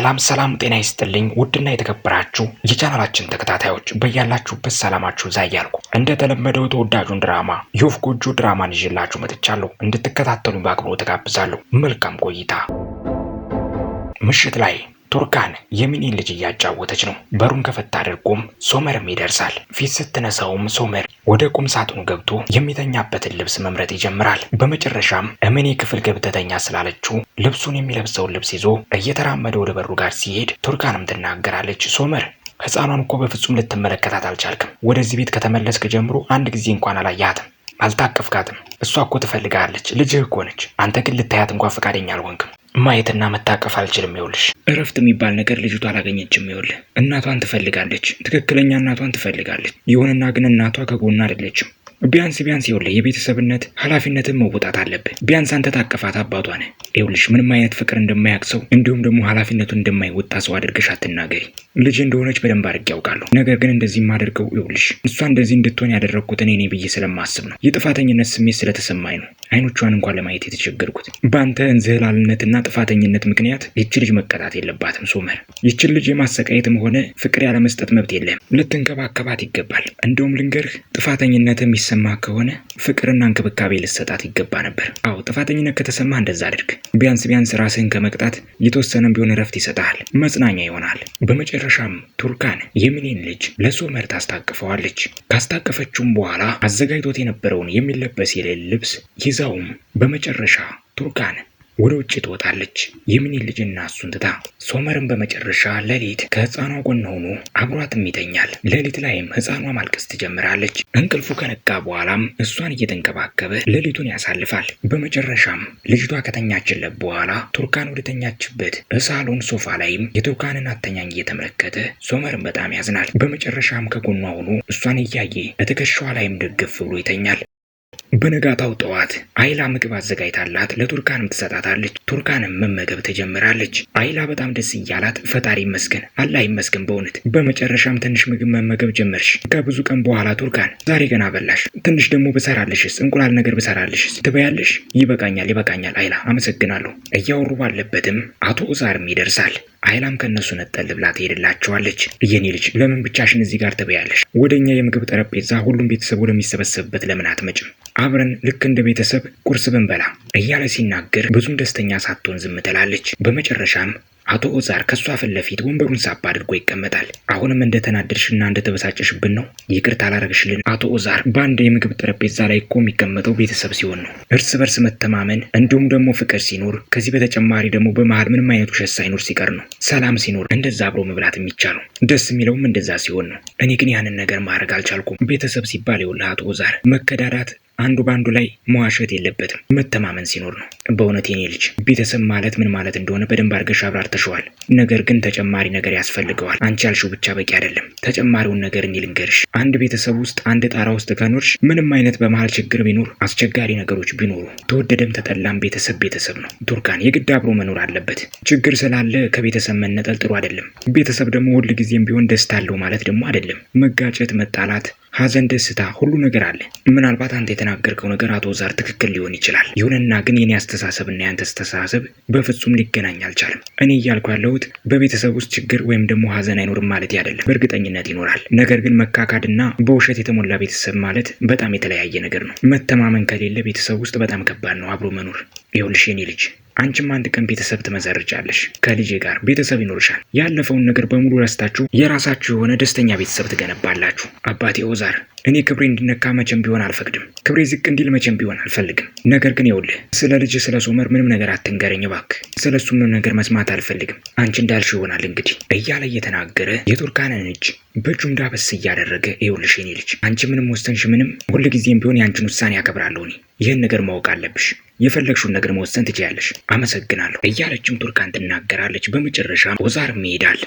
ሰላም ሰላም፣ ጤና ይስጥልኝ ውድና የተከበራችሁ የቻናላችን ተከታታዮች በያላችሁበት ሰላማችሁ ዛ እያልኩ እንደተለመደው ተወዳጁን ድራማ የወፍ ጎጆ ድራማን ይዤላችሁ መጥቻለሁ። እንድትከታተሉ በአክብሮ ተጋብዛለሁ። መልካም ቆይታ። ምሽት ላይ ቱርካን የሚኒን ልጅ እያጫወተች ነው። በሩን ከፈት አድርጎም ሶመርም ይደርሳል። ፊት ስትነሳውም ሶመር ወደ ቁም ሳጥኑ ገብቶ የሚተኛበትን ልብስ መምረጥ ይጀምራል። በመጨረሻም እምኔ ክፍል ገብተተኛ ስላለችው ልብሱን የሚለብሰውን ልብስ ይዞ እየተራመደ ወደ በሩ ጋር ሲሄድ ቱርካንም ትናገራለች። ሶመር ህፃኗን እኮ በፍጹም ልትመለከታት አልቻልክም። ወደዚህ ቤት ከተመለስክ ጀምሮ አንድ ጊዜ እንኳን አላያትም፣ አልታቀፍካትም። እሷ እኮ ትፈልጋለች፣ ልጅህ እኮ ነች። አንተ ግን ልታያት እንኳን ፈቃደኛ አልሆንክም። ማየትና መታቀፍ አልችልም። ይኸውልሽ እረፍት የሚባል ነገር ልጅቷ አላገኘችም። ይኸውልህ እናቷን ትፈልጋለች፣ ትክክለኛ እናቷን ትፈልጋለች። ይሁንና ግን እናቷ ከጎኗ አይደለችም። ቢያንስ ቢያንስ ይኸውልህ የቤተሰብነት ኃላፊነትን መወጣት አለብህ። ቢያንስ አንተ ታቀፋት አባቷ ነህ። ይኸውልሽ ምንም አይነት ፍቅር እንደማያውቅ ሰው እንዲሁም ደግሞ ኃላፊነቱን እንደማይወጣ ሰው አድርገሽ አትናገሪ። ልጅ እንደሆነች በደንብ አድርጌ ያውቃለሁ። ነገር ግን እንደዚህ የማደርገው ይኸውልሽ እሷ እንደዚህ እንድትሆን ያደረግኩት እኔ እኔ ብዬ ስለማስብ ነው። የጥፋተኝነት ስሜት ስለተሰማኝ ነው አይኖቿን እንኳን ለማየት የተቸገርኩት። በአንተ እንዝህላልነትና ጥፋተኝነት ምክንያት ይቺ ልጅ መቀጣት የለባትም ሶመር። ይችን ልጅ የማሰቃየትም ሆነ ፍቅር ያለመስጠት መብት የለም። ልትንከባከባት ይገባል። እንደውም ልንገርህ ጥፋተኝነት የሚሰማ ከሆነ ፍቅርና እንክብካቤ ልሰጣት ይገባ ነበር። አዎ ጥፋተኝነት ከተሰማ እንደዛ አድርግ። ቢያንስ ቢያንስ ራስህን ከመቅጣት የተወሰነም ቢሆን እረፍት ይሰጣል፣ መጽናኛ ይሆናል። በመጨረሻም ቱርካን የሚኔን ልጅ ለሶመር ታስታቅፈዋለች። ካስታቀፈችውም በኋላ አዘጋጅቶት የነበረውን የሚለበስ የሌል ልብስ ይዛውም በመጨረሻ ቱርካን ወደ ውጭ ትወጣለች። የሚኒ ልጅና እሱን ትታ ሶመርን በመጨረሻ ሌሊት ከህፃኗ ጎን ሆኖ አብሯትም ይተኛል። ሌሊት ላይም ህፃኗ ማልቀስ ትጀምራለች። እንቅልፉ ከነቃ በኋላም እሷን እየተንከባከበ ሌሊቱን ያሳልፋል። በመጨረሻም ልጅቷ ከተኛችለት በኋላ ቱርካን ወደተኛችበት ሳሎን ሶፋ ላይም የቱርካንን አተኛኝ እየተመለከተ ሶመርን በጣም ያዝናል። በመጨረሻም ከጎኗ ሆኖ እሷን እያየ በትከሻዋ ላይም ደግፍ ብሎ ይተኛል። በነጋታው ጠዋት አይላ ምግብ አዘጋጅታላት ለቱርካንም ትሰጣታለች። ቱርካንም መመገብ ትጀምራለች። አይላ በጣም ደስ እያላት ፈጣሪ ይመስገን፣ አላህ ይመስገን በእውነት በመጨረሻም ትንሽ ምግብ መመገብ ጀመርሽ። ከብዙ ቀን በኋላ ቱርካን ዛሬ ገና በላሽ፣ ትንሽ ደግሞ ብሰራልሽስ፣ እንቁላል ነገር ብሰራልሽስ ትበያለሽ? ይበቃኛል፣ ይበቃኛል አይላ አመሰግናለሁ። እያወሩ ባለበትም አቶ ኡዛርም ይደርሳል። አይላም ከነሱ ነጠል ብላ ትሄድላቸዋለች። የኔ ልጅ ለምን ብቻሽን እዚህ ጋር ትበያለሽ? ወደ እኛ የምግብ ጠረጴዛ ሁሉም ቤተሰብ ወደሚሰበሰብበት ለምን አትመጭም? አብረን ልክ እንደ ቤተሰብ ቁርስ ብንበላ እያለ ሲናገር ብዙም ደስተኛ ሳትሆን ዝም ትላለች። በመጨረሻም አቶ ኦዛር ከሷ ፊት ለፊት ወንበሩን ሳብ አድርጎ ይቀመጣል። አሁንም እንደተናደድሽና እንደተበሳጨሽብን ነው ይቅርታ አላረግሽልን። አቶ ኦዛር በአንድ የምግብ ጠረጴዛ ላይ እኮ የሚቀመጠው ቤተሰብ ሲሆን ነው። እርስ በርስ መተማመን እንዲሁም ደግሞ ፍቅር ሲኖር፣ ከዚህ በተጨማሪ ደግሞ በመሀል ምንም አይነት ውሸት ሳይኖር ሲቀር ነው ሰላም ሲኖር እንደዛ አብሮ መብላት የሚቻለው ደስ የሚለውም እንደዛ ሲሆን ነው። እኔ ግን ያንን ነገር ማድረግ አልቻልኩም። ቤተሰብ ሲባል ይኸውልህ አቶ ኦዛር መከዳዳት አንዱ በአንዱ ላይ መዋሸት የለበትም። መተማመን ሲኖር ነው። በእውነት የኔ ልጅ ቤተሰብ ማለት ምን ማለት እንደሆነ በደንብ አድርገሽ ተሸዋል። ነገር ግን ተጨማሪ ነገር ያስፈልገዋል። አንቺ ያልሽው ብቻ በቂ አይደለም። ተጨማሪውን ነገር እኔ ልንገርሽ። አንድ ቤተሰብ ውስጥ አንድ ጣራ ውስጥ ከኖርሽ ምንም አይነት በመሀል ችግር ቢኖር፣ አስቸጋሪ ነገሮች ቢኖሩ፣ ተወደደም ተጠላም ቤተሰብ ቤተሰብ ነው። ቱርካን የግድ አብሮ መኖር አለበት። ችግር ስላለ ከቤተሰብ መነጠል ጥሩ አይደለም። ቤተሰብ ደግሞ ጊዜም ቢሆን ደስታ አለው ማለት ደግሞ አይደለም። መጋጨት፣ መጣላት ሐዘን፣ ደስታ፣ ሁሉ ነገር አለ። ምናልባት አንተ የተናገርከው ነገር አቶ ዛር ትክክል ሊሆን ይችላል። ይሁንና ግን የኔ አስተሳሰብና የአንተ አስተሳሰብ በፍጹም ሊገናኝ አልቻለም። እኔ እያልኩ ያለሁት በቤተሰብ ውስጥ ችግር ወይም ደግሞ ሐዘን አይኖርም ማለት አይደለም። በእርግጠኝነት ይኖራል። ነገር ግን መካካድና በውሸት የተሞላ ቤተሰብ ማለት በጣም የተለያየ ነገር ነው። መተማመን ከሌለ ቤተሰብ ውስጥ በጣም ከባድ ነው አብሮ መኖር። ይኸውልሽ የኔ ልጅ አንቺም አንድ ቀን ቤተሰብ ትመሰርቻለሽ። ከልጄ ጋር ቤተሰብ ይኖርሻል። ያለፈውን ነገር በሙሉ ረስታችሁ የራሳችሁ የሆነ ደስተኛ ቤተሰብ ትገነባላችሁ። አባቴ ኦዛር እኔ ክብሬ እንድነካ መቼም ቢሆን አልፈቅድም። ክብሬ ዝቅ እንዲል መቼም ቢሆን አልፈልግም። ነገር ግን ይኸውልህ፣ ስለ ልጅ ስለ ሶመር ምንም ነገር አትንገረኝ እባክህ። ስለ እሱ ምንም ነገር መስማት አልፈልግም። አንቺ እንዳልሽ ይሆናል እንግዲህ እያለ እየተናገረ የቱርካንን እጅ በእጁ እንዳበስ እያደረገ ይኸውልሽ፣ የኔ ልጅ አንቺ ምንም ወሰንሽ ምንም፣ ሁልጊዜም ቢሆን የአንቺን ውሳኔ አከብራለሁ እኔ። ይህን ነገር ማወቅ አለብሽ። የፈለግሽውን ነገር መወሰን ትችያለሽ። አመሰግናለሁ እያለችም ቱርካን ትናገራለች። በመጨረሻ ወዛር ይሄዳል።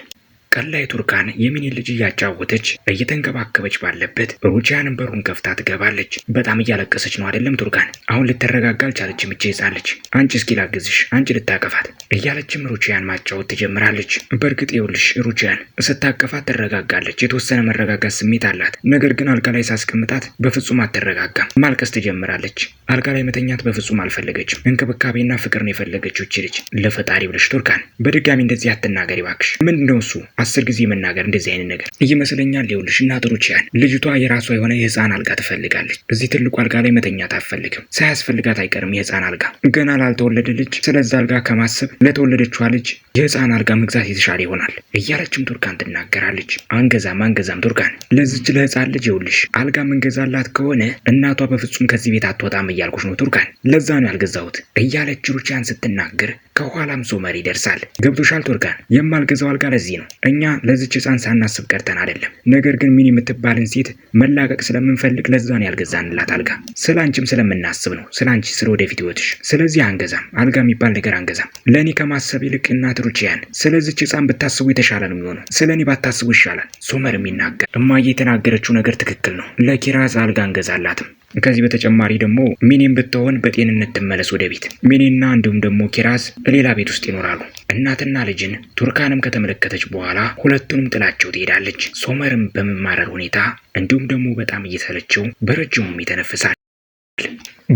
ቀላይ ቱርካን የሚኒን ልጅ እያጫወተች እየተንከባከበች ባለበት ሩቺያንን በሩን ከፍታ ትገባለች። በጣም እያለቀሰች ነው አይደለም ቱርካን? አሁን ልትረጋጋ አልቻለችም። እቼ ሕፃን አንቺ እስኪ ላግዝሽ፣ አንቺ ልታቀፋት እያለችም ሩቺያን ማጫወት ትጀምራለች። በእርግጥ ይኸውልሽ ሩቺያን ስታቀፋት ትረጋጋለች። የተወሰነ መረጋጋት ስሜት አላት። ነገር ግን አልጋ ላይ ሳስቀምጣት በፍጹም አትረጋጋም። ማልቀስ ትጀምራለች። አልጋ ላይ መተኛት በፍጹም አልፈለገችም። እንክብካቤና ፍቅርን የፈለገችው ይቺ ልጅ። ለፈጣሪ ብለሽ ቱርካን በድጋሚ እንደዚህ አትናገሪ እባክሽ። ምንድን እሱ አስር ጊዜ መናገር እንደዚህ አይነት ነገር ይመስለኛል። ይኸውልሽ እና ጥሩችያን ልጅቷ የራሷ የሆነ የህፃን አልጋ ትፈልጋለች። እዚህ ትልቁ አልጋ ላይ መተኛት አትፈልግም። ሳያስፈልጋት አይቀርም የህፃን አልጋ ገና ላልተወለደ ልጅ። ስለዛ አልጋ ከማሰብ ለተወለደችዋ ልጅ የህፃን አልጋ መግዛት የተሻለ ይሆናል እያለችም ቱርካን ትናገራለች። አንገዛም አንገዛም ቱርካን ለዚች ለህፃን ልጅ ይኸውልሽ አልጋ መንገዛላት ከሆነ እናቷ በፍጹም ከዚህ ቤት አትወጣም እያልኩሽ ነው ቱርካን፣ ለዛ ነው ያልገዛሁት እያለች ሩቻን ስትናገር ከኋላም ሶመር ይደርሳል። ገብቶሻል ቱርካን፣ የማልገዛው አልጋ ለዚህ ነው። እኛ ለዚች ህፃን ሳናስብ ቀርተን አይደለም። ነገር ግን ሚን የምትባልን ሴት መላቀቅ ስለምንፈልግ ለዛን ያልገዛንላት አልጋ ስለ ስለምናስብ ነው። ስለ አንቺ፣ ስለ ወደፊት ህይወትሽ። ስለዚህ አንገዛም፣ አልጋ የሚባል ነገር አንገዛም። ለእኔ ከማሰብ ይልቅ እናት ሩቺያን፣ ስለዚች ህፃን ብታስቡ የተሻለ ነው የሚሆነው። ስለ እኔ ባታስቡ ይሻላል። ሶመርም የሚናገር እማዬ የተናገረችው ነገር ትክክል ነው። ለኪራዝ አልጋ አንገዛላትም ከዚህ በተጨማሪ ደግሞ ሚኔም ብትሆን በጤንነት ትመለስ ወደ ቤት። ሚኔና እንዲሁም ደግሞ ኪራዝ ሌላ ቤት ውስጥ ይኖራሉ። እናትና ልጅን ቱርካንም ከተመለከተች በኋላ ሁለቱንም ጥላቸው ትሄዳለች። ሶመርም በመማረር ሁኔታ እንዲሁም ደግሞ በጣም እየሰለችው በረጅሙም ይተነፍሳል።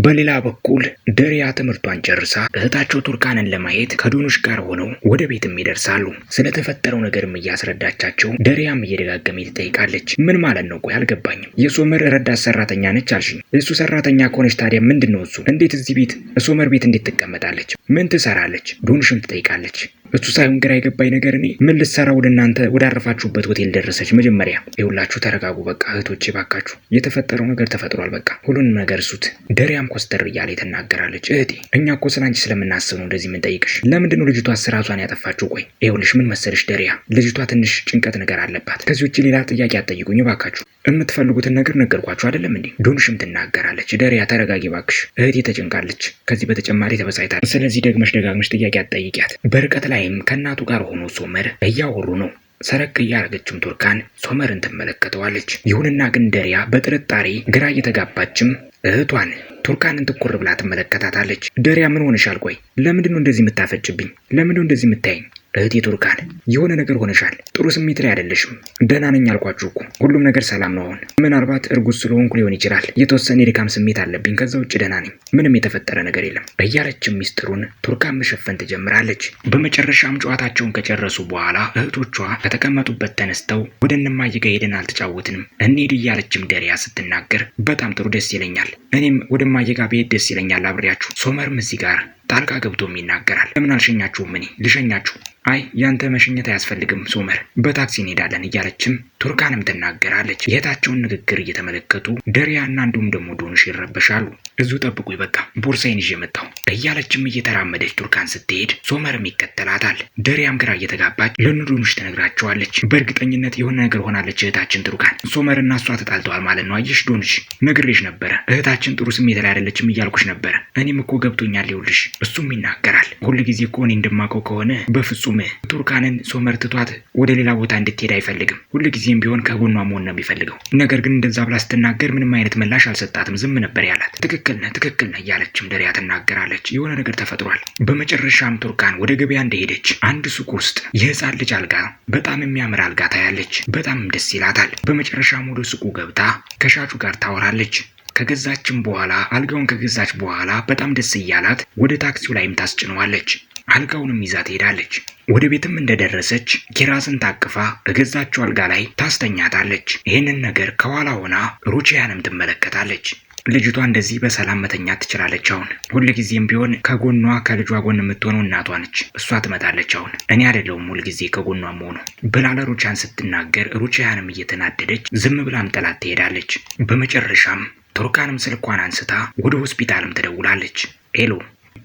በሌላ በኩል ደሪያ ትምህርቷን ጨርሳ እህታቸው ቱርካንን ለማየት ከዶኖች ጋር ሆነው ወደ ቤትም ይደርሳሉ። ስለተፈጠረው ነገርም እያስረዳቻቸው ደሪያም እየደጋገመ ትጠይቃለች። ምን ማለት ነው? ቆይ አልገባኝም። የሶመር ረዳት ሰራተኛ ነች አልሽኝ። እሱ ሰራተኛ ከሆነች ታዲያ ምንድን ነው እሱ? እንዴት እዚህ ቤት ሶመር ቤት እንዴት ትቀመጣለች? ምን ትሰራለች? ዶኖሽም ትጠይቃለች። እሱ ሳይሆን ግራ የገባኝ ነገር እኔ ምን ልሰራ ወደ እናንተ ወዳረፋችሁበት ሆቴል ደረሰች? መጀመሪያ ይሁላችሁ፣ ተረጋጉ። በቃ እህቶቼ ባካችሁ፣ የተፈጠረው ነገር ተፈጥሯል። በቃ ሁሉንም ነገር እሱት ደሪያም በጣም ኮስተር እያለ ትናገራለች። እህቴ እኛ እኮ ስለ አንቺ ስለምናስብ ነው እንደዚህ የምንጠይቅሽ። ለምንድን ነው ልጅቷ ራሷን ያጠፋችው? ቆይ ይኸውልሽ፣ ምን መሰልሽ ደሪያ፣ ልጅቷ ትንሽ ጭንቀት ነገር አለባት። ከዚህ ውጭ ሌላ ጥያቄ አጠይቁኝ እባካችሁ። የምትፈልጉትን ነገር ነገርኳችሁ አይደለም እንዴ? ዶንሽም ትናገራለች። ደሪያ ተረጋጊ እባክሽ፣ እህቴ ተጨንቃለች። ከዚህ በተጨማሪ ተበሳይታል። ስለዚህ ደግመሽ ደጋግመሽ ጥያቄ አጠይቂያት በርቀት ላይም ከእናቱ ጋር ሆኖ ሶመር እያወሩ ነው። ሰረክ እያደረገችም ቱርካን ሶመርን ትመለከተዋለች። ይሁንና ግን ደሪያ በጥርጣሬ ግራ እየተጋባችም እህቷን ቱርካንን ትኩር ብላ ትመለከታታለች። ደሪያ ምን ሆነሻል? ቆይ ለምንድን ነው እንደዚህ የምታፈጭብኝ? ለምንድን ነው እንደዚህ የምታየኝ? እህቴ ቱርካን የሆነ ነገር ሆነሻል። ጥሩ ስሜት ላይ አይደለሽም። ደህና ነኝ አልኳችሁ እኮ ሁሉም ነገር ሰላም ነው። አሁን ምናልባት እርጉዝ ስለሆንኩ ሊሆን ይችላል። የተወሰነ የድካም ስሜት አለብኝ። ከዛ ውጭ ደህና ነኝ። ምንም የተፈጠረ ነገር የለም እያለችም ሚስጥሩን ቱርካን መሸፈን ትጀምራለች። በመጨረሻም ጨዋታቸውን ከጨረሱ በኋላ እህቶቿ ከተቀመጡበት ተነስተው ወደ እነማዬ ጋ ሄደን አልተጫወትንም እንሂድ እያለችም ደሪያ ስትናገር በጣም ጥሩ ደስ ይለኛል። እኔም ወደ እማዬ ጋ ብሄድ ደስ ይለኛል አብሬያችሁ ሶመርም እዚህ ጋር ጣልቃ ገብቶም ይናገራል። ለምን አልሸኛችሁም? እኔ ልሸኛችሁ። አይ ያንተ መሸኘት አያስፈልግም ሶመር፣ በታክሲ እንሄዳለን እያለችም ቱርካንም ትናገራለች። የእህታቸውን ንግግር እየተመለከቱ ደሪያና እንዲሁም ደግሞ ዶንሽ ይረበሻሉ። እዙ ጠብቁ ይበቃ ቦርሳይን ይዤ መጣሁ እያለችም እየተራመደች ቱርካን ስትሄድ ሶመርም ይከተላታል። ደሪያም ግራ እየተጋባች ለኑዶንሽ ትነግራቸዋለች። በእርግጠኝነት የሆነ ነገር ሆናለች እህታችን ቱርካን። ሶመርና እሷ ተጣልተዋል ማለት ነው። አየሽ ዶንሽ፣ ነግሬሽ ነበረ እህታችን ጥሩ ስሜት ላይ አይደለችም እያልኩሽ ነበረ። እኔም እኮ ገብቶኛል። ይኸውልሽ እሱም ይናገራል። ሁል ጊዜ እኔ እንደማውቀው ከሆነ በፍጹም ቱርካንን ሶመር ትቷት ወደ ሌላ ቦታ እንድትሄድ አይፈልግም። ጊዜም ቢሆን ከጎኗ መሆን ነው የሚፈልገው። ነገር ግን እንደዛ ብላ ስትናገር ምንም አይነት ምላሽ አልሰጣትም፣ ዝም ነበር ያላት። ትክክል ነህ፣ ትክክል ነህ እያለችም ደሪያ ትናገራለች። የሆነ ነገር ተፈጥሯል። በመጨረሻም ቱርካን ወደ ገበያ እንደሄደች አንድ ሱቅ ውስጥ የህፃን ልጅ አልጋ፣ በጣም የሚያምር አልጋ ታያለች። በጣም ደስ ይላታል። በመጨረሻም ወደ ሱቁ ገብታ ከሻጩ ጋር ታወራለች። ከገዛችም በኋላ አልጋውን ከገዛች በኋላ በጣም ደስ እያላት ወደ ታክሲው ላይም ታስጭነዋለች። አልጋውንም ይዛ ትሄዳለች። ወደ ቤትም እንደደረሰች ኪራስን ታቅፋ እገዛችው አልጋ ላይ ታስተኛታለች። ይህንን ነገር ከኋላ ሆና ሩቺያንም ትመለከታለች። ልጅቷ እንደዚህ በሰላም መተኛት ትችላለች። አሁን ሁልጊዜም ቢሆን ከጎኗ ከልጇ ጎን የምትሆነው እናቷ ነች። እሷ ትመጣለች። አሁን እኔ አይደለሁም ሁልጊዜ ከጎኗ መሆኑ ብላ ለሩቻን ስትናገር፣ ሩቻያንም እየተናደደች ዝም ብላም ጥላት ትሄዳለች። በመጨረሻም ቱርካንም ስልኳን አንስታ ወደ ሆስፒታልም ትደውላለች። ሄሎ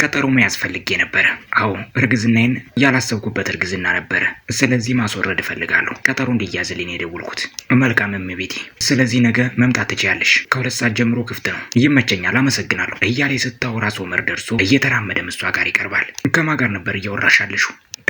ቀጠሮ መያዝ ፈልጌ ነበረ። አዎ እርግዝናዬን ያላሰብኩበት እርግዝና ነበረ። ስለዚህ ማስወረድ እፈልጋለሁ። ቀጠሮ እንዲያዝልኝ የደውልኩት። መልካም እመቤቴ፣ ስለዚህ ነገ መምጣት ትችያለሽ። ከሁለት ሰዓት ጀምሮ ክፍት ነው። ይመቸኛል፣ አመሰግናለሁ እያለ ስታወራ ሶመር ደርሶ እየተራመደ ምሷ ጋር ይቀርባል። ከማ ጋር ነበር እያወራሻለሹ?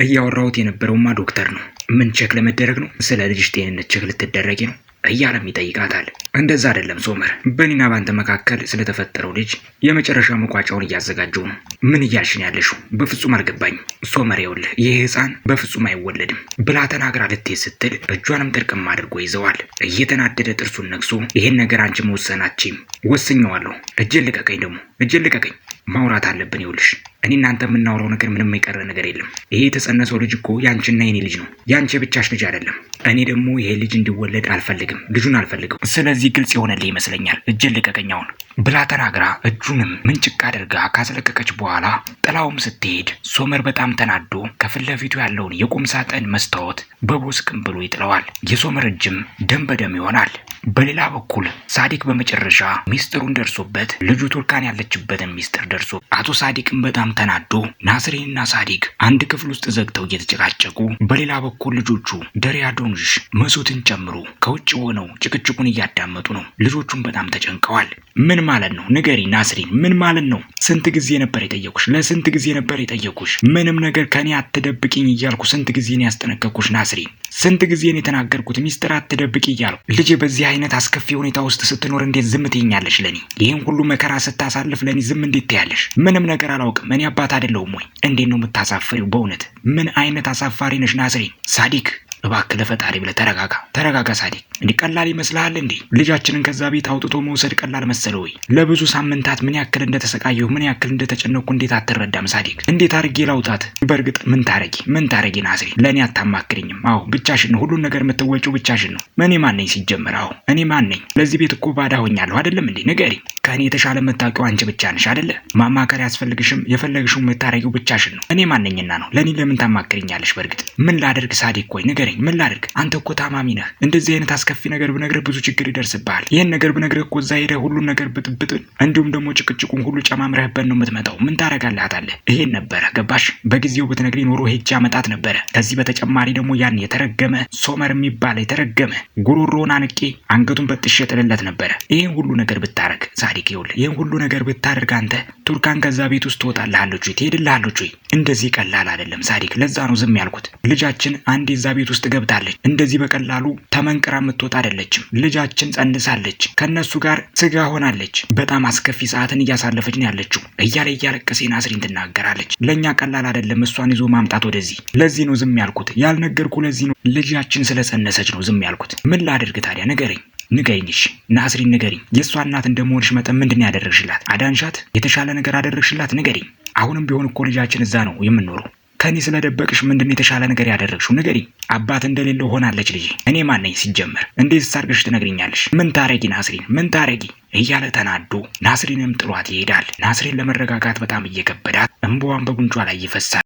እያወራሁት የነበረውማ ዶክተር ነው። ምን ቼክ ለመደረግ ነው? ስለ ልጅሽ ጤንነት ቼክ ልትደረጊ ነው? እያለም ይጠይቃታል። እንደዛ አይደለም ሶመር፣ በኔና ባንተ መካከል ስለተፈጠረው ልጅ የመጨረሻ መቋጫውን እያዘጋጀው ነው። ምን እያልሽን ያለሽው? በፍጹም አልገባኝ ሶመር። ይኸውልህ ይህ ሕፃን በፍጹም አይወለድም ብላ ተናግራ ልትሄድ ስትል በእጇንም ጥርቅም አድርጎ ይዘዋል። እየተናደደ ጥርሱን ነክሶ ይህን ነገር አንቺ መወሰናችም ወስኘዋለሁ። እጄን ልቀቀኝ፣ ደግሞ እጄን ልቀቀኝ። ማውራት አለብን። ይኸውልሽ እኔ እናንተ የምናውረው ነገር ምንም የቀረ ነገር የለም። ይሄ የተጸነሰው ልጅ እኮ ያንቺና የኔ ልጅ ነው። ያንቺ የብቻሽ ልጅ አይደለም። እኔ ደግሞ ይሄ ልጅ እንዲወለድ አልፈልግም፣ ልጁን አልፈልግም። ስለዚህ ግልጽ የሆነልህ ይመስለኛል። እጅን ልቀቀኛውን ብላ ተናግራ እጁንም ምንጭቅ አድርጋ ካስለቀቀች በኋላ ጥላውም ስትሄድ ሶመር በጣም ተናዶ ከፊት ለፊቱ ያለውን የቁም ሳጥን መስታወት በቦስቅም ብሎ ይጥለዋል። የሶመር እጅም ደም በደም ይሆናል። በሌላ በኩል ሳዲቅ በመጨረሻ ሚስጥሩን ደርሶበት ልጁ ቱርካን ያለችበትን ሚስጥር ደርሶ አቶ ሳዲቅም በጣም በጣም ተናዶ ናስሬንና ሳዲቅ አንድ ክፍል ውስጥ ዘግተው እየተጨቃጨቁ፣ በሌላ በኩል ልጆቹ ደሪያ ዶንዥ መሱትን ጨምሮ ከውጭ ሆነው ጭቅጭቁን እያዳመጡ ነው። ልጆቹም በጣም ተጨንቀዋል። ምን ማለት ነው? ንገሪ ናስሪን፣ ምን ማለት ነው? ስንት ጊዜ ነበር የጠየቁሽ? ለስንት ጊዜ ነበር የጠየቁሽ? ምንም ነገር ከኔ አትደብቂኝ እያልኩ ስንት ጊዜ ነው ያስጠነቀቅኩሽ? ናስሪን፣ ስንት ጊዜ ነው የተናገርኩት? ሚስጥር አትደብቂ እያልኩ ልጄ፣ በዚህ አይነት አስከፊ ሁኔታ ውስጥ ስትኖር እንዴት ዝም ትይኛለሽ? ለኔ ይህን ሁሉ መከራ ስታሳልፍ ለኔ ዝም እንዴት ትያለሽ? ምንም ነገር አላውቅም። እኔ አባት አይደለሁም ወይ? እንዴት ነው የምታሳፍሪው? በእውነት ምን አይነት አሳፋሪ ነሽ ናስሪን፣ ሳዲክ እባክህ ለፈጣሪ ብለህ ተረጋጋ፣ ተረጋጋ ሳዲቅ። እንዲህ ቀላል ይመስልሃል እንዴ? ልጃችንን ከዛ ቤት አውጥቶ መውሰድ ቀላል መሰለ ወይ? ለብዙ ሳምንታት ምን ያክል እንደተሰቃየሁ ምን ያክል እንደተጨነኩ እንዴት አትረዳም ሳዲቅ? እንዴት አድርጌ ላውጣት? በእርግጥ ምን ታረጊ ምን ታረጊ ናስሪ፣ ለእኔ አታማክርኝም። አሁ ብቻሽን ነው፣ ሁሉን ነገር የምትወጪው ብቻሽን ነው። እኔ ማነኝ ሲጀምር አሁ እኔ ማነኝ? ለዚህ ቤት እኮ ባዳ ሆኛለሁ አይደለም እንዴ? ንገሪ። ከእኔ የተሻለ የምታውቂው አንቺ ብቻ ነሽ አደለ ማማከር ያስፈልግሽም፣ የፈለግሽው የምታረጊው ብቻሽን ነው። እኔ ማነኝና ነው ለእኔ ለምን ታማክርኛለሽ? በእርግጥ ምን ላደርግ ሳዲቅ? ወይ ንገሪ አማረኝ። ምን ላድርግ? አንተ እኮ ታማሚ ነህ። እንደዚህ አይነት አስከፊ ነገር ብነግርህ ብዙ ችግር ይደርስብሃል። ይህን ነገር ብነግርህ እኮ እዛ ሄደህ ሁሉን ነገር ብጥብጥን፣ እንዲሁም ደግሞ ጭቅጭቁን ሁሉ ጨማምረህበት ነው የምትመጣው። ምን ታረጋልሃታለህ? ይሄን ነበረ ገባሽ? በጊዜው ብትነግሪ ኖሮ ሄጄ አመጣት ነበረ። ከዚህ በተጨማሪ ደግሞ ያን የተረገመ ሶመር የሚባል የተረገመ ጉሮሮን አንቄ አንገቱን በጥሼ ጥልለት ነበረ። ይህን ሁሉ ነገር ብታረግ ሳዲቅ፣ ይኸውልህ ይህን ሁሉ ነገር ብታደርግ አንተ ቱርካን ከዛ ቤት ውስጥ ትወጣልሃለች ወይ ትሄድልሃለች ወይ? እንደዚህ ቀላል አይደለም ሳዲቅ። ለዛ ነው ዝም ያልኩት። ልጃችን አንዴ እዛ ቤት ውስጥ ውስጥ ገብታለች። እንደዚህ በቀላሉ ተመንቅራ የምትወጣ አይደለችም። ልጃችን ጸንሳለች፣ ከነሱ ጋር ስጋ ሆናለች። በጣም አስከፊ ሰዓትን እያሳለፈች ነው ያለችው እያለ እያለቀሴ ናስሪን ትናገራለች። ለእኛ ቀላል አይደለም እሷን ይዞ ማምጣት ወደዚህ። ለዚህ ነው ዝም ያልኩት ያልነገርኩ ለዚህ ነው ልጃችን ስለጸነሰች ነው ዝም ያልኩት። ምን ላድርግ ታዲያ ንገረኝ ንገሪኝሽ ናስሪን ንገሪኝ። የእሷ እናት እንደመሆንሽ መጠን ምንድን ያደረግሽላት? አዳንሻት? የተሻለ ነገር አደረግሽላት? ንገሪኝ። አሁንም ቢሆን እኮ ልጃችን እዛ ነው የምንኖረው። ከኔ ስለደበቅሽ ምንድን የተሻለ ነገር ያደረግሽው? ንገሪ። አባት እንደሌለው ሆናለች ልጅ። እኔ ማነኝ ሲጀመር? እንዴት ሳርግሽ ትነግርኛለሽ? ምን ታረጊ ናስሪን? ምን ታረጊ እያለ ተናዶ ናስሪንም ጥሏት ይሄዳል። ናስሪን ለመረጋጋት በጣም እየከበዳት እንባዋን በጉንጯ ላይ ይፈሳል።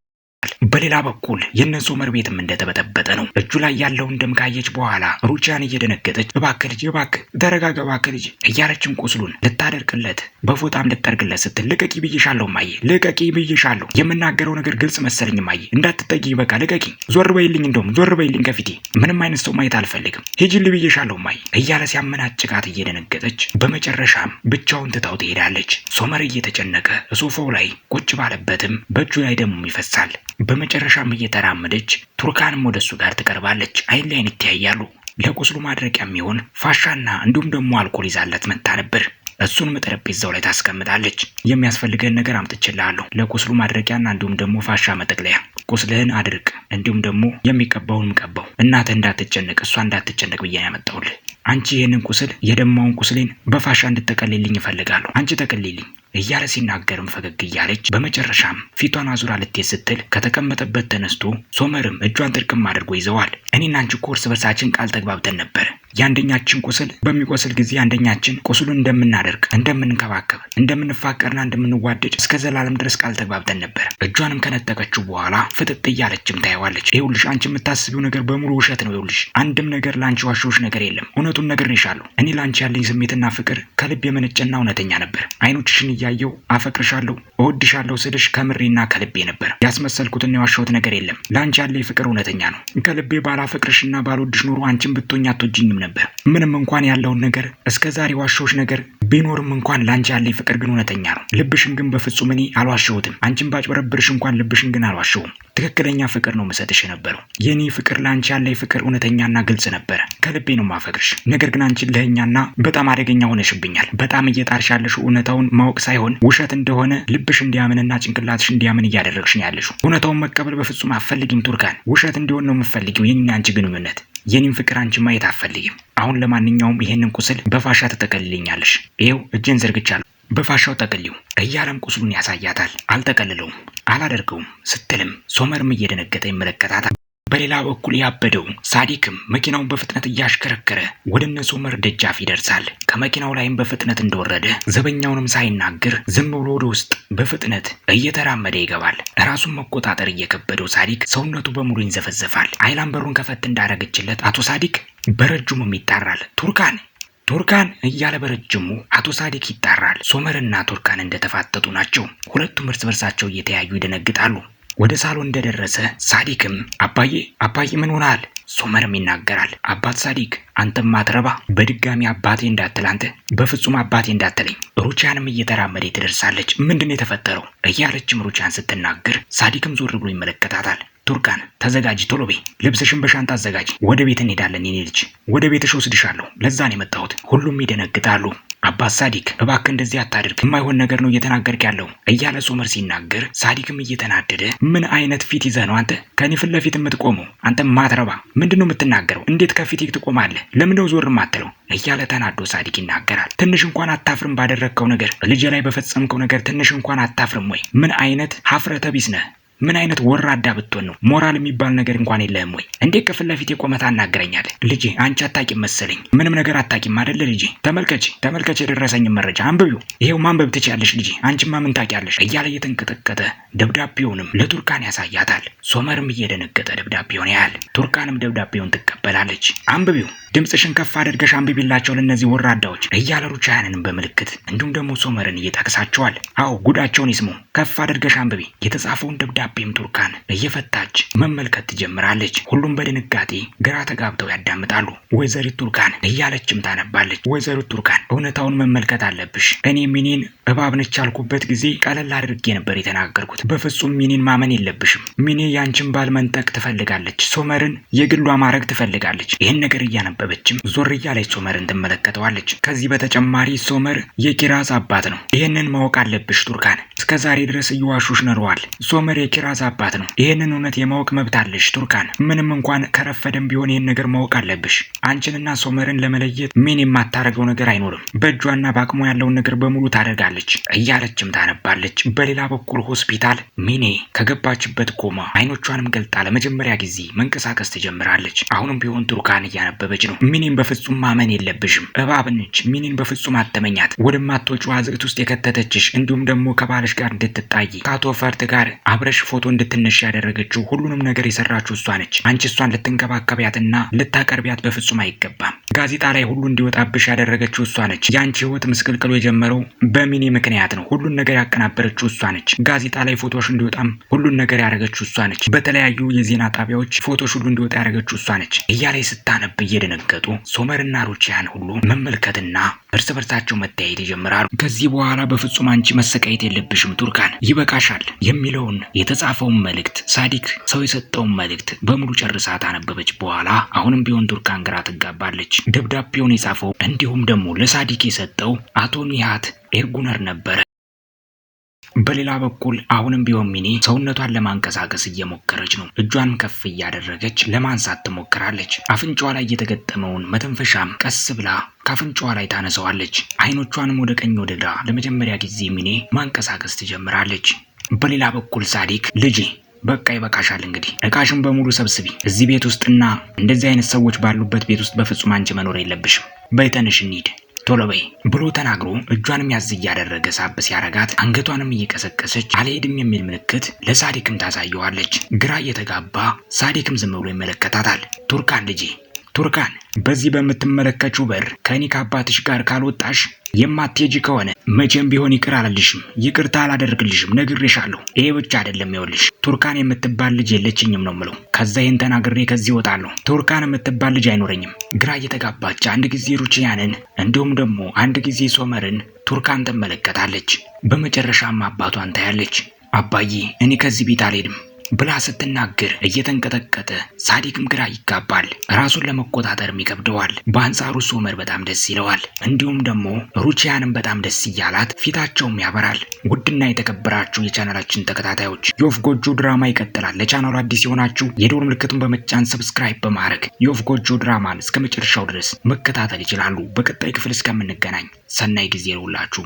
በሌላ በኩል የነ መር ቤትም እንደተበጠበጠ ነው። እጁ ላይ ያለውን ደም ካየች በኋላ ሩቻን እየደነገጠች እባክህ ልጅ እባክህ ተረጋጋ እባክህ ልጅ እያለችም ቁስሉን ልታደርቅለት በፎጣም ልጠርግለት ስትል ልቀቂ ብይሻለሁ ማየ ልቀቂ ብዬሻለሁ። የምናገረው ነገር ግልጽ መሰለኝ ማየ እንዳትጠጊ በቃ ልቀቂ። ዞር በይልኝ፣ እንደውም ዞር በይልኝ ከፊቴ ምንም አይነት ሰው ማየት አልፈልግም። ሂጂል ብዬሻለሁ ማየ እያለ ሲያመናጭቃት እየደነገጠች በመጨረሻም ብቻውን ትታው ትሄዳለች። ሶመር እየተጨነቀ ሶፋው ላይ ቁጭ ባለበትም በእጁ ላይ ደሙም ይፈሳል። በመጨረሻም እየተራመደች ቱርካንም ወደ እሱ ጋር ትቀርባለች። አይን ላይን ይተያያሉ። ለቁስሉ ማድረቂያ የሚሆን ፋሻና እንዲሁም ደግሞ አልኮል ይዛለት መጥታ ነበር። እሱንም ጠረጴዛው ላይ ታስቀምጣለች። የሚያስፈልገን ነገር አምጥችላለሁ ለቁስሉ ማድረቂያና እንዲሁም ደግሞ ፋሻ መጠቅለያ። ቁስልህን አድርቅ፣ እንዲሁም ደግሞ የሚቀባውን ቀባው። እናተ እንዳትጨነቅ፣ እሷ እንዳትጨነቅ ብዬ ያመጣውልህ አንቺ ይህንን ቁስል የደማውን ቁስሌን በፋሻ እንድትጠቀልልኝ እፈልጋለሁ። አንቺ ጠቅልልኝ፣ እያለ ሲናገርም ፈገግ እያለች በመጨረሻም ፊቷን አዙራ ልትሄድ ስትል ከተቀመጠበት ተነስቶ ሶመርም እጇን ጥርቅም አድርጎ ይዘዋል። እኔና አንቺ እኮ እርስ በርሳችን ቃል ተግባብተን ነበር የአንደኛችን ቁስል በሚቆስል ጊዜ አንደኛችን ቁስሉን እንደምናደርግ፣ እንደምንከባከብ፣ እንደምንፋቀርና እንደምንዋደድ እስከ ዘላለም ድረስ ቃል ተግባብተን ነበር። እጇንም ከነጠቀችው በኋላ ፍጥጥ እያለችም ታየዋለች። ይኸውልሽ አንቺ የምታስቢው ነገር በሙሉ ውሸት ነው። ይኸውልሽ አንድም ነገር ለአንቺ ዋሸሁሽ ነገር የለም። እውነቱን ነግሬሻለሁ። እኔ ለአንቺ ያለኝ ስሜትና ፍቅር ከልብ የመነጨና እውነተኛ ነበር። አይኖችሽን እያየው አፈቅርሻለሁ፣ እወድሻለሁ ስልሽ ከምሬና ከልቤ ነበር። ያስመሰልኩትና የዋሸሁት ነገር የለም። ለአንቺ ያለኝ ፍቅር እውነተኛ ነው። ከልቤ ባላፈቅርሽና ባልወድሽ ኖሮ አንቺን ብትሆኝ አትወጂኝም አላምንም ነበር። ምንም እንኳን ያለውን ነገር እስከ ዛሬ ዋሻዎች ነገር ቢኖርም እንኳን ለአንቺ ያለኝ ፍቅር ግን እውነተኛ ነው። ልብሽን ግን በፍጹም እኔ አልዋሸሁትም። አንቺን ባጭበረብርሽ እንኳን ልብሽን ግን አልዋሸሁም። ትክክለኛ ፍቅር ነው መሰጥሽ የነበረው። የእኔ ፍቅር ለአንቺ ያለኝ ፍቅር እውነተኛና ግልጽ ነበረ። ከልቤ ነው ማፈቅርሽ። ነገር ግን አንቺን ለእኛና በጣም አደገኛ ሆነሽብኛል። በጣም እየጣርሽ ያለሽ እውነታውን ማወቅ ሳይሆን ውሸት እንደሆነ ልብሽ እንዲያምንና ጭንቅላትሽ እንዲያምን እያደረግሽ ነው ያለሽው። እውነታውን መቀበል በፍጹም አፈልጊም ቱርካን። ውሸት እንዲሆን ነው የምፈልጊው የኔና አንቺ ግንኙነት። የኔም ፍቅር አንቺ ማየት አትፈልጊም። አሁን ለማንኛውም ይሄንን ቁስል በፋሻ ትጠቀልልኛለሽ። ይኸው እጄን ዘርግቻለሁ፣ በፋሻው ጠቅልዩ እያለም ቁስሉን ያሳያታል። አልጠቀልለውም፣ አላደርገውም ስትልም ሶመርም እየደነገጠ ይመለከታታል። በሌላ በኩል ያበደው ሳዲክም መኪናውን በፍጥነት እያሽከረከረ ወደ እነሱ ሶመር ደጃፍ ይደርሳል። ከመኪናው ላይም በፍጥነት እንደወረደ ዘበኛውንም ሳይናገር ዝም ብሎ ወደ ውስጥ በፍጥነት እየተራመደ ይገባል። ራሱን መቆጣጠር እየከበደው ሳዲክ ሰውነቱ በሙሉ ይንዘፈዘፋል። አይላን በሩን ከፈት እንዳረገችለት አቶ ሳዲክ በረጅሙም ይጣራል። ቱርካን ቱርካን እያለ በረጅሙ አቶ ሳዲክ ይጣራል። ሶመርና ቱርካን እንደተፋጠጡ ናቸው። ሁለቱም እርስ በርሳቸው እየተያዩ ይደነግጣሉ። ወደ ሳሎን እንደደረሰ ሳዲክም አባዬ አባዬ ምን ሆናል? ሶመርም ይናገራል። አባት ሳዲክ አንተም ማትረባ በድጋሚ አባቴ እንዳትል አንተ በፍጹም አባቴ እንዳትለኝ። ሩቻንም እየተራመደ ትደርሳለች። ምንድን ነው የተፈጠረው? እያለችም ሩቻን ስትናገር ሳዲክም ዞር ብሎ ይመለከታታል። ቱርካን ተዘጋጅ፣ ቶሎ በይ። ልብስሽን በሻንጣ አዘጋጅ። ወደ ቤት እንሄዳለን። የኔ ልጅ ወደ ቤትሽ ወስድሻለሁ። ነው የመጣሁት። ሁሉም ይደነግጣሉ። አባት ሳዲክ እባክህ እንደዚህ አታድርግ፣ የማይሆን ነገር ነው እየተናገርክ ያለው እያለ ሶመር ሲናገር፣ ሳዲክም እየተናደደ ምን አይነት ፊት ይዘህ ነው አንተ ከኔ ፊት ለፊት የምትቆመው? አንተ ማትረባ ምንድን ነው የምትናገረው? እንዴት ከፊት ትቆማለህ? ለምንደው ዞር ማትለው? እያለ ተናዶ ሳዲክ ይናገራል። ትንሽ እንኳን አታፍርም? ባደረግከው ነገር ልጄ ላይ በፈጸምከው ነገር ትንሽ እንኳን አታፍርም ወይ? ምን አይነት ሀፍረተ ቢስ ነህ? ምን አይነት ወራዳ ብትሆን ነው? ሞራል የሚባል ነገር እንኳን የለህም ወይ? እንዴት ከፊት ለፊት የቆመ ታናግረኛለህ? ልጄ አንቺ አታቂም መሰለኝ። ምንም ነገር አታቂም አይደለ ልጄ? ተመልከች ተመልከች፣ የደረሰኝን መረጃ አንብቢው። ይሄው ማንበብ ትችያለሽ ልጄ፣ አንቺማ ምን ታውቂያለሽ? እያለ እየተንቀጠቀጠ ደብዳቤውንም ለቱርካን ያሳያታል። ሶመርም እየደነገጠ ደብዳቤውን ያያል። ቱርካንም ደብዳቤውን ትቀበላለች። አንብቢው፣ ድምፅሽን ከፍ አድርገሽ አንብቢላቸው ለእነዚህ ወራዳዎች እያለ ሩቻያንንም በምልክት እንዲሁም ደግሞ ሶመርን እየጠቅሳቸዋል። አዎ ጉዳቸውን ይስሙ፣ ከፍ አድርገሽ አንብቢ የተጻፈውን ደብዳቤ ደብዳቤም ቱርካን እየፈታች መመልከት ትጀምራለች። ሁሉም በድንጋጤ ግራ ተጋብተው ያዳምጣሉ። ወይዘሪት ቱርካን እያለችም ታነባለች። ወይዘሪት ቱርካን እውነታውን መመልከት አለብሽ። እኔ ሚኒን እባብ ነች ያልኩበት ጊዜ ቀለል አድርጌ ነበር የተናገርኩት። በፍጹም ሚኒን ማመን የለብሽም። ሚኒ ያንቺን ባል መንጠቅ ትፈልጋለች። ሶመርን የግሏ ማድረግ ትፈልጋለች። ይህን ነገር እያነበበችም ዞር እያለች ሶመርን ትመለከተዋለች። ከዚህ በተጨማሪ ሶመር የኪራዝ አባት ነው። ይህንን ማወቅ አለብሽ ቱርካን። እስከ ዛሬ ድረስ እየዋሹሽ ኖረዋል። ሶመር የኪ የኪራዝ አባት ነው። ይህንን እውነት የማወቅ መብት አለሽ ቱርካን። ምንም እንኳን ከረፈደም ቢሆን ይህን ነገር ማወቅ አለብሽ። አንቺንና ሶመርን ለመለየት ምን የማታደርገው ነገር አይኖርም። በእጇና በአቅሟ ያለውን ነገር በሙሉ ታደርጋለች እያለችም ታነባለች። በሌላ በኩል ሆስፒታል ሚኔ ከገባችበት ኮማ አይኖቿንም ገልጣ ለመጀመሪያ ጊዜ መንቀሳቀስ ትጀምራለች። አሁንም ቢሆን ቱርካን እያነበበች ነው። ሚኔን በፍጹም ማመን የለብሽም እባብንች። ሚኔን በፍጹም አተመኛት ወደማትወጪው አዘቅት ውስጥ የከተተችሽ እንዲሁም ደግሞ ከባለሽ ጋር እንድትጣይ ከአቶ ፈርት ጋር አብረሽ ፎቶ እንድትነሽ ያደረገችው ሁሉንም ነገር የሰራችው እሷ ነች። አንቺ እሷን ልትንከባከቢያትና ልታቀርቢያት በፍጹም አይገባም። ጋዜጣ ላይ ሁሉ እንዲወጣብሽ ያደረገችው እሷ ነች። የአንቺ ህይወት ምስቅልቅሉ የጀመረው በሚኒ ምክንያት ነው። ሁሉን ነገር ያቀናበረችው እሷ ነች። ጋዜጣ ላይ ፎቶሽ እንዲወጣም ሁሉን ነገር ያደረገችው እሷ ነች። በተለያዩ የዜና ጣቢያዎች ፎቶሽ ሁሉ እንዲወጣ ያደረገችው እሷ ነች እያላይ ስታነብ እየደነገጡ ሶመርና ሩቺያን ሁሉ መመልከትና እርስ በርሳቸው መተያየት ይጀምራሉ። ከዚህ በኋላ በፍጹም አንቺ መሰቃየት የለብሽም ቱርካን፣ ይበቃሻል የሚለውን የተጻፈውን መልእክት ሳዲክ ሰው የሰጠውን መልእክት በሙሉ ጨርሳ ታነበበች በኋላ አሁንም ቢሆን ቱርካን ግራ ትጋባለች። ደብዳቤውን የጻፈው እንዲሁም ደግሞ ለሳዲክ የሰጠው አቶ ኒሃት ኤርጉነር ነበረ። በሌላ በኩል አሁንም ቢሆን ሚኒ ሰውነቷን ለማንቀሳቀስ እየሞከረች ነው። እጇን ከፍ እያደረገች ለማንሳት ትሞክራለች። አፍንጫዋ ላይ የተገጠመውን መተንፈሻም ቀስ ብላ ከአፍንጫዋ ላይ ታነሰዋለች። አይኖቿንም ወደ ቀኝ ወደ ግራ ለመጀመሪያ ጊዜ ሚኔ ማንቀሳቀስ ትጀምራለች። በሌላ በኩል ሳዲክ ልጄ በቃ ይበቃሻል። እንግዲህ እቃሽን በሙሉ ሰብስቢ። እዚህ ቤት ውስጥና እንደዚህ አይነት ሰዎች ባሉበት ቤት ውስጥ በፍጹም አንቺ መኖር የለብሽም። በይተንሽ እንሂድ ቶሎ በይ ብሎ ተናግሮ እጇንም ያዝ እያደረገ ሳብ ሲያረጋት አንገቷንም እየቀሰቀሰች አልሄድም የሚል ምልክት ለሳዲክም ታሳየዋለች። ግራ እየተጋባ ሳዲክም ዝም ብሎ ይመለከታታል። ቱርካን ልጄ ቱርካን በዚህ በምትመለከችው በር ከኔ ከአባትሽ ጋር ካልወጣሽ የማትሄጂ ከሆነ መቼም ቢሆን ይቅር አላልሽም። ይቅርታ አላደርግልሽም፣ ነግሬሻለሁ። ይሄ ብቻ አይደለም፣ ይኸውልሽ ቱርካን የምትባል ልጅ የለችኝም ነው ምለው። ከዛ ይህን ተናግሬ ከዚህ እወጣለሁ። ቱርካን የምትባል ልጅ አይኖረኝም። ግራ እየተጋባች አንድ ጊዜ ሩችያንን እንዲሁም ደግሞ አንድ ጊዜ ሶመርን ቱርካን ትመለከታለች። በመጨረሻም አባቷን ታያለች። አባዬ እኔ ከዚህ ቤት አልሄድም ብላ ስትናገር እየተንቀጠቀጠ ሳዲቅም ግራ ይጋባል። ራሱን ለመቆጣጠርም ይከብደዋል። በአንጻሩ ሶመር በጣም ደስ ይለዋል። እንዲሁም ደግሞ ሩቺያንም በጣም ደስ እያላት ፊታቸውም ያበራል። ውድና የተከበራችሁ የቻናላችን ተከታታዮች የወፍ ጎጆ ድራማ ይቀጥላል። ለቻናሉ አዲስ የሆናችሁ የዶር ምልክቱን በመጫን ሰብስክራይብ በማድረግ የወፍ ጎጆ ድራማን እስከ መጨረሻው ድረስ መከታተል ይችላሉ። በቀጣይ ክፍል እስከምንገናኝ ሰናይ ጊዜ ይሁንላችሁ።